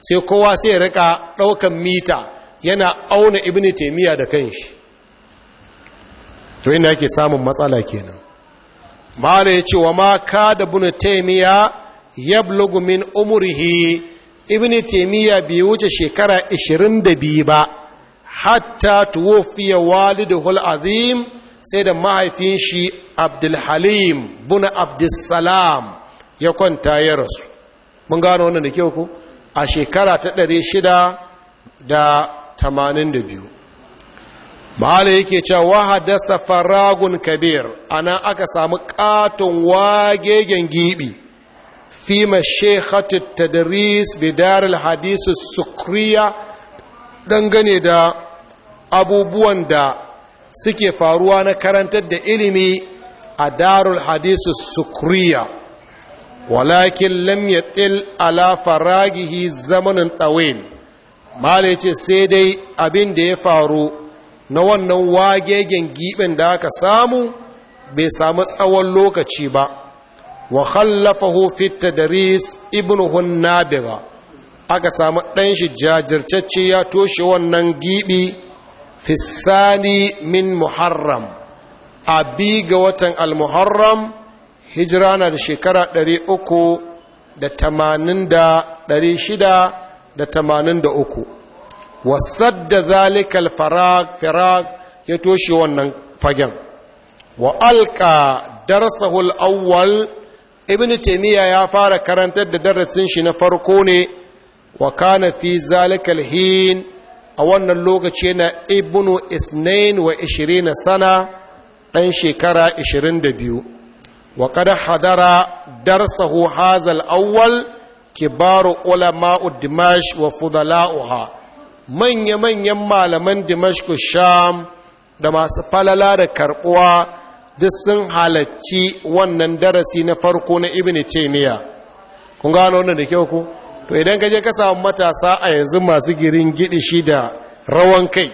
sai kowa sai rika ɗaukan mita yana auna ibn taimiyya da kanshi to inda yake samun matsala kenan mala ya ce wa ma ka da ibn taimiyya yablugu min umrihi ibn taymiya bai wuce shekara 22 ba hatta tuwfiya walidul azim sai da mahaifin shi abdul halim bin salam ya kwanta ya rasu mun gano wannan da kyau ko a shekara ta 682 mala yake cewa hadasa faragun kabir ana aka samu katon wagegen gibi fi mashaikhat tadris bidar al-hadith sukriya dangane da abubuwan da suke faruwa na karantar da ilimi a darul hadith sukriya walakin lam yatil ala faragihi zamanin tawil mala ce sai dai abin da ya faru na wannan wagegen giɓin da aka samu bai samu tsawon lokaci ba wa khallafahu fi tadris ibnu hunnabira aka samu ɗan shi jajirtacce ya toshe wannan giɓi fissani min muharram a bi ga watan al-muharram hijira na da shekara uku da tamanin da ɗari shida da tamanin da uku zalikal firag ya toshe wannan fagen wa alka darsahul awwal ibn taimiyya ya fara karantar da darasin shi na farko ne wa kana fi hin a wannan lokaci na ibnu isnain wa ishirina sana ɗan shekara ishirin da biyu wa hadara darsahu hazal awwal kibaru ulama'u dimash wa fudala'uha manya-manyan malaman dimashku sham da masu falala da karbuwa duk sun halarci wannan darasi na farko na ibn taimiyya kun gano wannan da kyau ku to idan ka je ka samu matasa a yanzu masu girin gidi shi da rawan kai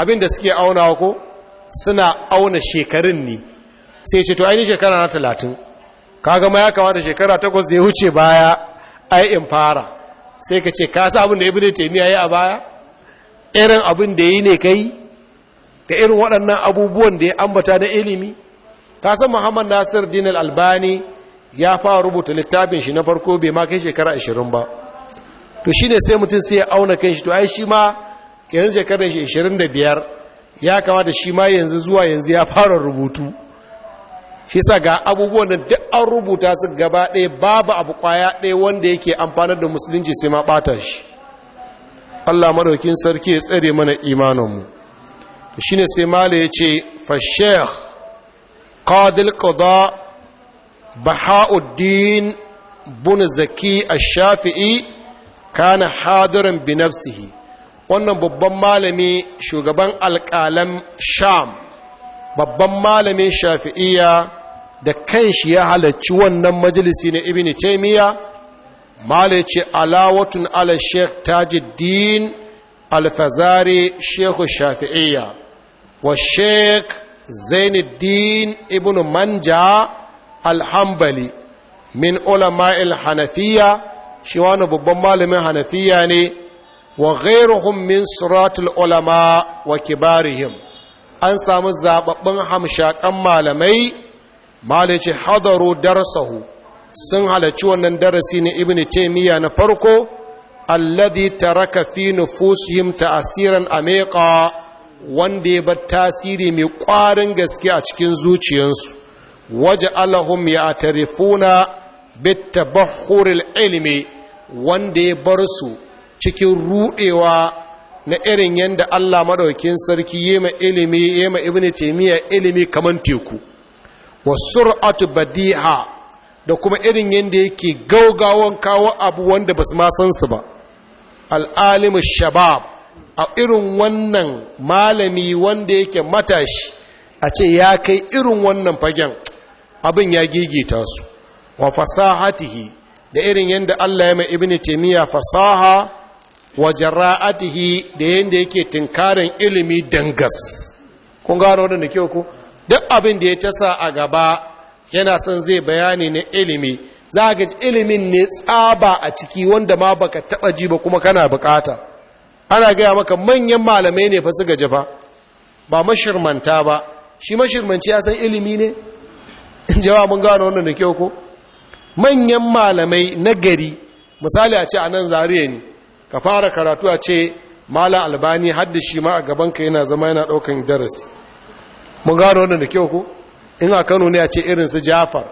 abin da suke auna ko suna auna shekarun ne sai ce to ainihin shekara na talatin kaga ma ya kamata shekara takwas da ya huce baya ai in fara sai ka ce ka sa abin da ibn taimiyya ya a baya irin abin da yi ne kai da irin waɗannan abubuwan da ya ambata na ilimi Kasan muhammad nasir din albani ya fara rubuta littafin shi na farko bai ma kai shekara 20 ba to shi ne sai mutum sai ya auna kai shi to ai shi ma yanzu shekarar shi 25 ya kamata shi ma yanzu zuwa yanzu ya fara rubutu shi sa ga abubuwan da duk an rubuta su gaba ɗaya babu abu kwaya ɗaya wanda yake amfanar da musulunci sai ma ɓata shi allah maraukin sarki ya tsare mana imaninmu shi ne sai mala ya ce fasheh قاضي القضاء بحاء الدين بن زكي الشافعي كان حاضرا بنفسه wannan babban malami shugaban alƙalan sham babban malamin shafi'iyya da kanshi ya halarci wannan majalisi na ibn taymiya malai ce alawatun ala sheikh tajuddin alfazari sheikh shafi'iyya wa sheikh zainuddin ibn manja alhambali min ulama'il hanafiya shi wani babban malamin hanafiya ne wa ghairuhum min suratul ulama wa kibarihim an samu zababbin hamshakan malamai malaci hadaru darsahu sun halarci wannan darasi ne ibn taymiya na farko ta raka fi nufusihim ta'asiran amiqa wanda ya bar tasiri mai ƙwarin gaske a cikin zuciyarsu waje alahum ya tarifuna bitta bahuril ilimi wanda ya bar su cikin rudewa na irin yadda Allah maɗaukin sarki ya ma ilimi ya ma ibini taymiya ilimi kamar teku wa sur'atu badiha da kuma irin yadda yake gaugawan kawo abu wanda basu ma san su ba al'alimu shabab a irin wannan malami wanda yake matashi a ce ya kai irin wannan fagen abin ya gigita su wa fasahatihi da irin yadda Allah ya mai ibn temiya fasaha wa jara'atihi da yadda yake tinkarin ilimi dangas kun gano wadanda kyau ku duk abin da ya tasa a gaba yana son zai bayani na ilimi za ga ilimin ne tsaba a ciki wanda ma baka taba ji ba kuma kana bukata ana gaya maka manyan malamai ne fa suka ji fa ba mashirmanta ba shi mashirmanci ya san ilimi ne jawabin gano wannan da kyau ko manyan malamai na gari misali a ce a nan zariya ne ka fara karatu a ce mala albani hadda shi ma a gabanka yana zama yana daukan darasi mun gano wannan da kyau ko in a kano ne a ce irinsu jafar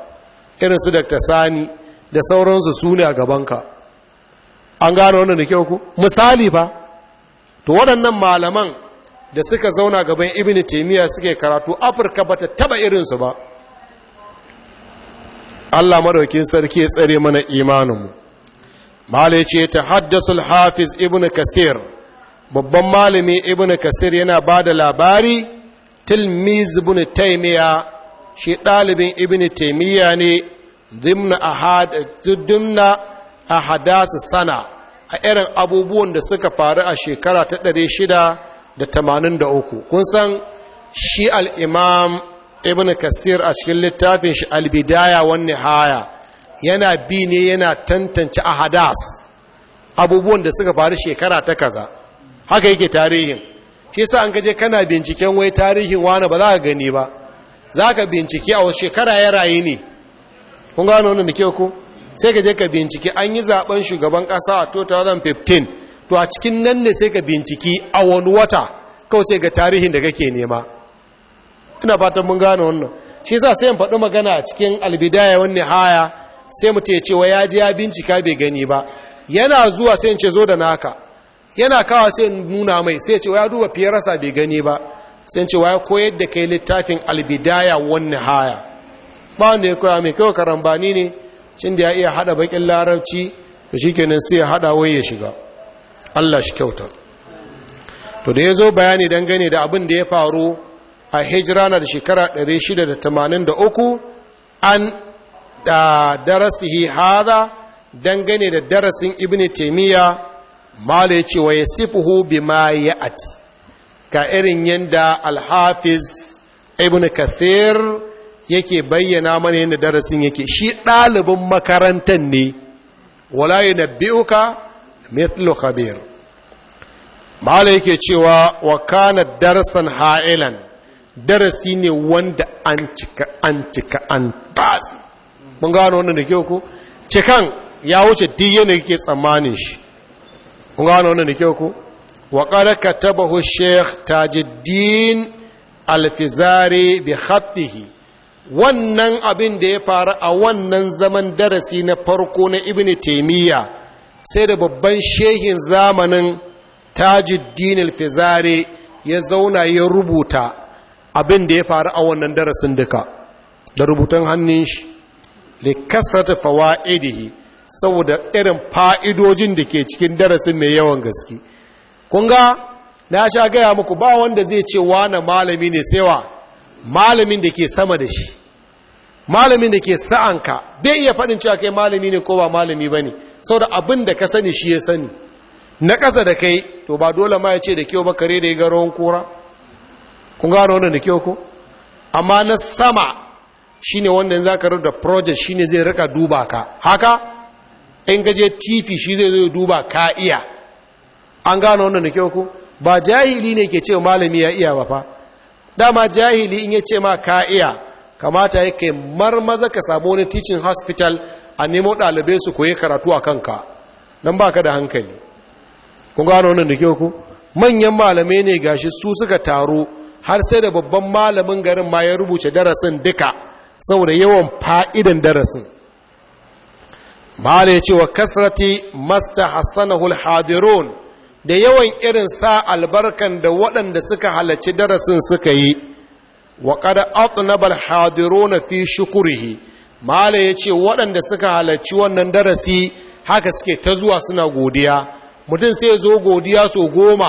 irinsu dr sani da sauransu su ne a gabanka an gano wannan da kyau ko misali ba to waɗannan malaman da suka zauna gaban ibn taimiyya suke karatu afirka ba ta taba irinsu ba allah maraukin sarki ya tsare mana imaninmu mala ce ta haddasa hafiz ibn kasir babban malami ibn kasir yana ba da labari tilmiz ibn taimiyya shi ɗalibin ibn taimiyya ne dimna a hadasa sana a irin abubuwan da suka faru a shekara ta 683 kun san shi al'imam ibn kasir a cikin littafin shi albidaya wani haya yana bi ne yana tantance a hadas abubuwan da suka faru shekara ta kaza haka yake tarihin shi sa an gaje kana binciken wai tarihin wani ba za ka gani ba za ka bincike a wasu shekara ya rayu ne kun gano wani da kyau sai ka je ka binciki an yi zaben shugaban kasa a 2015 to a cikin nan ne sai ka binciki a wani wata kawai sai ga tarihin da kake nema ina fatan mun gane wannan shi sa sai in faɗi magana a cikin albidaya wani haya sai mu ya ce wa ya ji ya bincika bai gani ba yana zuwa sai ce zo da naka yana kawa sai nuna mai sai ce ya duba fiye rasa bai gani ba sai ce wa ya koyar da kai littafin albidaya wani haya ba wanda ya koya mai kawai karambani ne cin da ya iya hada bakin larabci da shi kenan sai ya hada wai ya shiga allah shi kyauta to da ya zo bayani dangane da abin da ya faru a hijira na da shekara 683 an da darasihi hada dangane da darasin ibn Taymiya, mala ya ce wa ya bima ya'ati ma ka irin yadda alhafiz ibn kathir yake bayyana mana yadda darasin yake shi ɗalibin makarantar ne wala yi na bi'uka mithlu khabir ma'ala yake cewa wa kana darasan ha'ilan darasi ne wanda an cika an cika an tatsi mun gano wannan da kyau ko cikan ya wuce duk yadda yake tsammanin shi mun gano wannan da kyau ko wa taba katabahu shaykh tajuddin alfizari bi khatihi wannan abin da ya faru a wannan zaman darasi na farko na ibn taimiyya sai da babban shehin zamanin tajuddin alfizare ya zauna ya rubuta abin da ya faru a wannan darasin duka da rubutan hannun shi da kasata fawaidihi saboda irin fa'idojin da ke cikin darasin mai yawan gaske Kunga na sha gaya muku ba wanda zai ce wane malami ne sai malamin da ke sama da shi malamin da ke sa'anka bai iya faɗin cewa kai malami ne ko ba malami ba ne saboda abin da ka sani shi ya sani na ƙasa da kai to ba dole ma ya ce da kyau ba kare da ya ga rawan kura kun gano wannan da kyau ko amma na sama ne wanda za ka da project shi ne zai rika duba ka haka in gaje tv shi zai zo duba ka iya an gano wannan da kyau ko ba jahili ne ke ce malami ya iya ba fa dama jahili in ya ce ma ka iya kamata yake marmaza ka samu wani teaching hospital a nemo ɗalibai su koyi karatu a kanka don ba ka da hankali kun gano wannan da kyau ku manyan malamai ne gashi su suka taru har sai da babban malamin garin ma ya rubuce darasin duka saboda yawan fa'idan darasin mahala ya ce wa kasrati masta hassanahul al da yawan irin sa albarkan da waɗanda suka halarci darasin suka yi wa qad atnaba al na fi shukrihi mala ce waɗanda suka halarci wannan darasi haka suke ta zuwa suna godiya mutum sai zo godiya so goma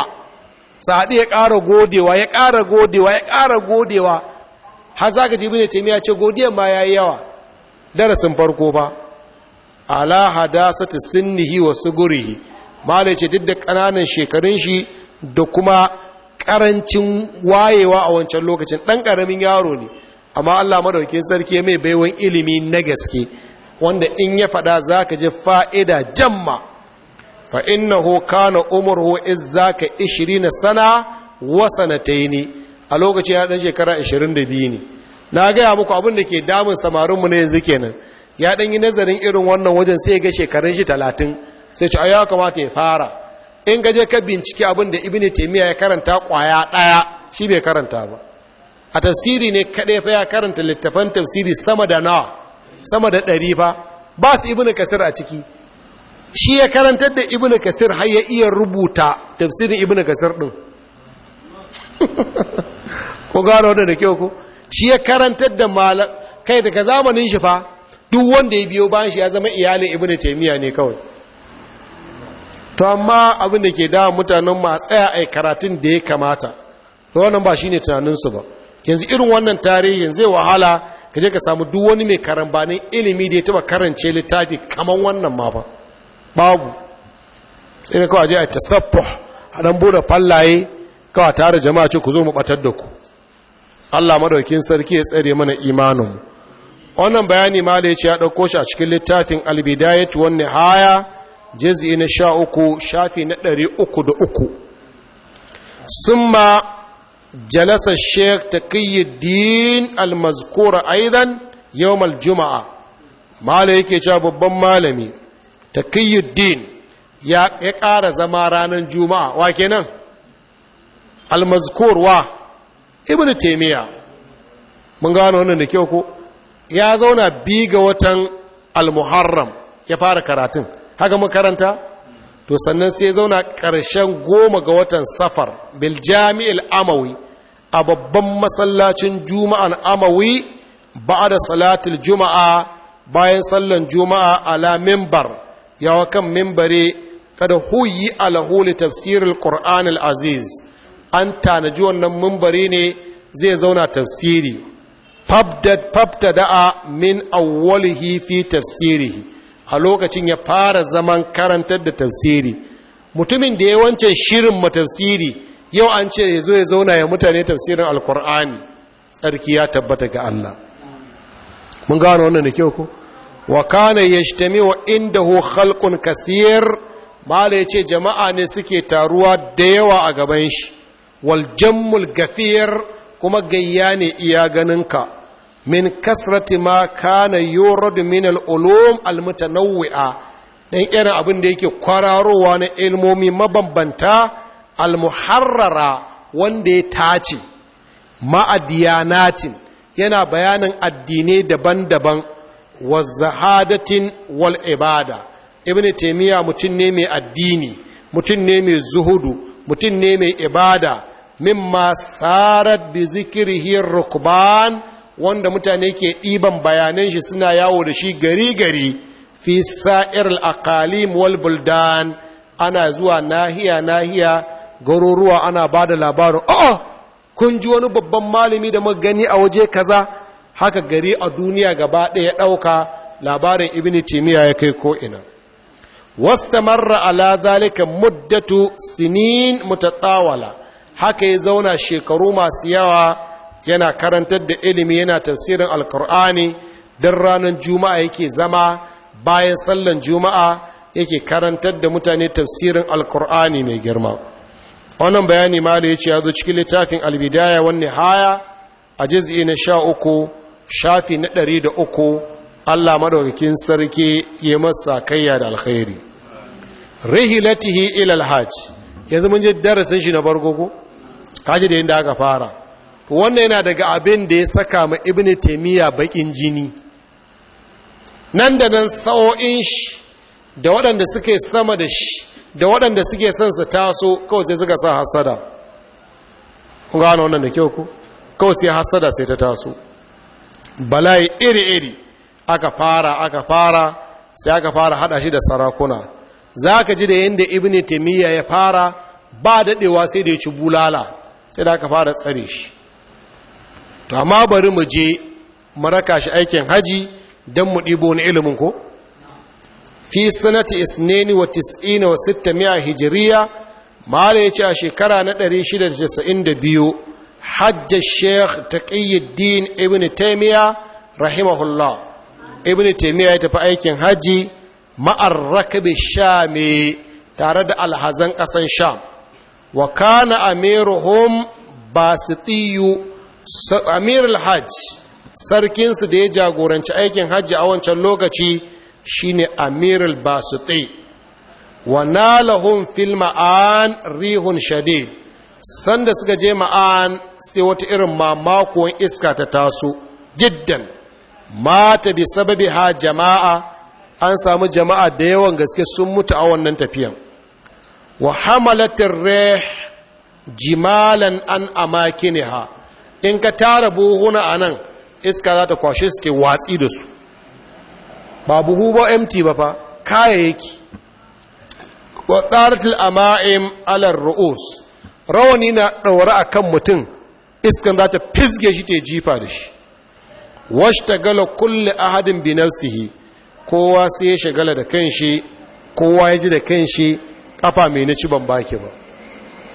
sa'adi ya ƙara godewa ya ƙara godewa ya ƙara godewa har ka jibi ne ce miya ce godiyan ma ya yi yawa darasin farko ba ala hadasati sinnihi wasu sugurihi malai ce duk da ƙananan shekarun shi da kuma ƙarancin wayewa a wancan lokacin ɗan ƙaramin yaro ne amma allah madaukin sarki mai baiwan ilimi na gaske wanda in ya faɗa za ka ji fa'ida jamma fa innahu kana umurhu iz ishiri na sana wa ne a lokacin ya ɗan shekara biyu ne na gaya muku abin da ke damun samarinmu na yanzu kenan ya ɗan yi nazarin irin wannan wajen sai ga shekarun shi talatin sai ce ya kamata ya fara in gaje ka bincike abin da ibn ya karanta kwaya daya shi bai karanta ba a tafsiri ne kadai fa ya karanta littafan tafsiri sama da nawa sama da ɗari fa ba su ibini kasir a ciki shi ya karantar da ibini kasir har ya iya rubuta tafsirin ibini kasir ɗin ko gano wanda da kyau ko shi ya karantar da malam kai daga zamanin shi fa duk wanda ya biyo bayan shi ya zama iyalin ibini taymiya ne kawai to amma abin da ke dawa mutanen ma tsaya a karatun da ya kamata to wannan ba shine tunaninsu ba yanzu irin wannan tarihin zai wahala ka je ka samu duk wani mai karambanin ilimi da ya taba karance littafi kaman wannan ma ba babu sai kawai je a tasaffu a dan bude fallaye kawai tare jama'a ce ku zo mu batar da ku Allah madaukin sarki ya tsare mana imanin wannan bayani ma da ce ya dauko shi a cikin littafin al-bidayatu haya juz'i na sha uku shafi na ɗari uku da uku summa jalasa sheikh taqiyuddin al-mazkura aidan yau al-juma'a malai yake cewa babban malami taqiyuddin ya ya ƙara zama ranar juma'a wa kenan al wa ibnu taymiya mun gano wannan da kyau ko ya zauna ga watan al-muharram ya fara karatun haka makaranta to sannan sai zauna ƙarshen goma ga watan safar bil jami'il amawi a babban masallacin juma'an amawi ba da salatul juma'a bayan sallan juma'a ala mimbar yawa kan mimbare kada huyi alahu tafsirul qur'anil aziz an tanaji wannan mimbari ne zai zauna tafsiri fabdad fabtada'a min awwalihi fi tafsirihi a lokacin ya fara zaman karantar da tafsiri mutumin da ya wancan shirin matafsiri yau an ce ya zo ya zauna ya mutane tafsirin alkur'ani tsarki ya tabbata ga Allah mun gano wannan da kyau ko wa kana yajtami'u indahu khalqun kaseer mala yace jama'a ne suke taruwa da yawa a gaban shi wal jammul gafiyar kuma gayya ne iya ganinka min kasrati ma kana yuradu min al-ulum al-mutanawwi'a dan irin abin da yake kwararowa na ilmomi mabambanta al-muharrara wanda ya tace ma'adiyanatin yana bayanin addinai daban-daban wa zahadatin wal ibada ibn taymiya mutum ne mai addini mutum ne mai zuhudu mutum ne mai ibada mimma sarat bi zikrihi rukban wanda mutane ke ɗiban bayanan shi suna yawo da shi gari-gari fi sa'ir al'akalim wal buldan ana zuwa nahiya-nahiya garuruwa ana ba da labarin oh kun ji wani babban malami da magani a waje kaza haka gari a duniya gaba ɗaya ɗauka labarin ibini timiya ya kai ko'ina wasta marra ala zalika muddatu sinin mutattawala haka ya zauna shekaru masu yawa yana karantar da ilimi yana tafsirin alkur'ani don ranar juma'a yake zama bayan sallan juma'a yake karantar da mutane tafsirin alkur'ani mai girma wannan bayani ma da ya ce ya zo cikin littafin albidaya wani haya a jizi na sha uku shafi na ɗari da uku allah maɗaukakin sarki ya masa kayya da alkhairi rihilatihi ilal hajj yanzu mun je darasin shi na bargogo kaji da da aka fara wannan yana daga abin da ya saka ma ibn taimiyya bakin jini nan da nan sa'o'in shi da waɗanda suke sama da shi da waɗanda suke son su taso kawai sai suka sa hasada kun gano wannan da kyau ku kawai sai hasada sai ta taso bala'i iri-iri aka fara aka fara sai aka fara hada shi da sarakuna za ka ji da yadda ibn taimiyya ya fara ba daɗewa sai da ya ci bulala sai da aka fara tsare shi to amma bari mu je maraka shi aikin haji don mu ɗibo na ilimin ko fi sanati isneni wa tis'ina wa sitta mi'a hijiriya mala ya ce a shekara na 692 hajja sheikh taqiyuddin ibn taymiya rahimahullah ibn taymiya ya tafi aikin haji ma'ar rakabi me tare da alhazan ƙasan sham wa kana amiruhum basitiyu amir al-hajj sarkinsu da ya jagoranci aikin hajji a wancan lokaci shine amir al-basuti wa nalahum fil ma'an rihun shadid sanda suka je ma'an sai wata irin mamakon iska ta taso jiddan mata bi sababi ha jama'a an samu jama'a da yawan gaske sun mutu a wannan tafiyan wa hamalatir rih jimalan an amakiniha in ka tara buhuna a nan iska za ta kwashe suke watsi da su ba buhu ba MT ba fa kayayyaki wa ama'im alar ru'us rawani na ɗaura a kan mutum iskan za ta fizge shi ta jifa da shi ta gala kulle ahadin binarsihi Sihi, kowa sai ya shagala da kanshi kowa ya ji da kanshi kafa mai na ci ban baki ba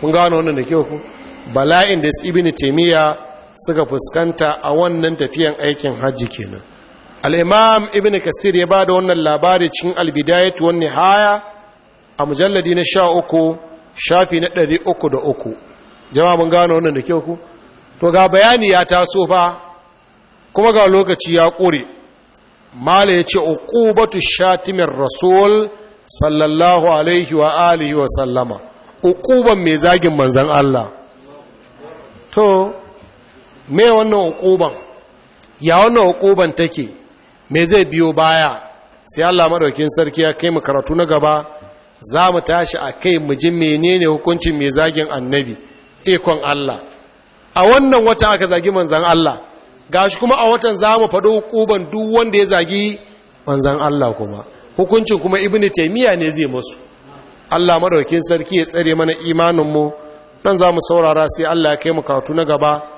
mun gano wannan da kyau ku bala'in da ibn temiya suka fuskanta a wannan tafiyan aikin hajji kenan al'imam ibn kasir ya ba da wannan labari cikin albidayat wani haya a mujalladi na sha uku shafi na ɗari uku da uku jama'a mun gano wannan da kyau ku to ga bayani ya taso fa kuma ga lokaci ya ƙure mala ya ce uqubatu shatimin rasul sallallahu alaihi wa alihi wa sallama uquban mai zagin manzan Allah to me wannan hukuban ya wannan hukuban take me zai biyo baya sai Allah madaukin sarki ya kai mu karatu na gaba za mu tashi a kai mu ji menene hukuncin me zagin annabi ikon Allah a wannan wata aka zagi manzan Allah gashi kuma a watan za mu faɗo hukuban duk wanda ya zagi manzan Allah kuma hukuncin kuma ibnu taymiya ne zai musu Allah madaukin sarki ya tsare mana imanin mu dan za mu saurara sai Allah ya kai mu karatu na gaba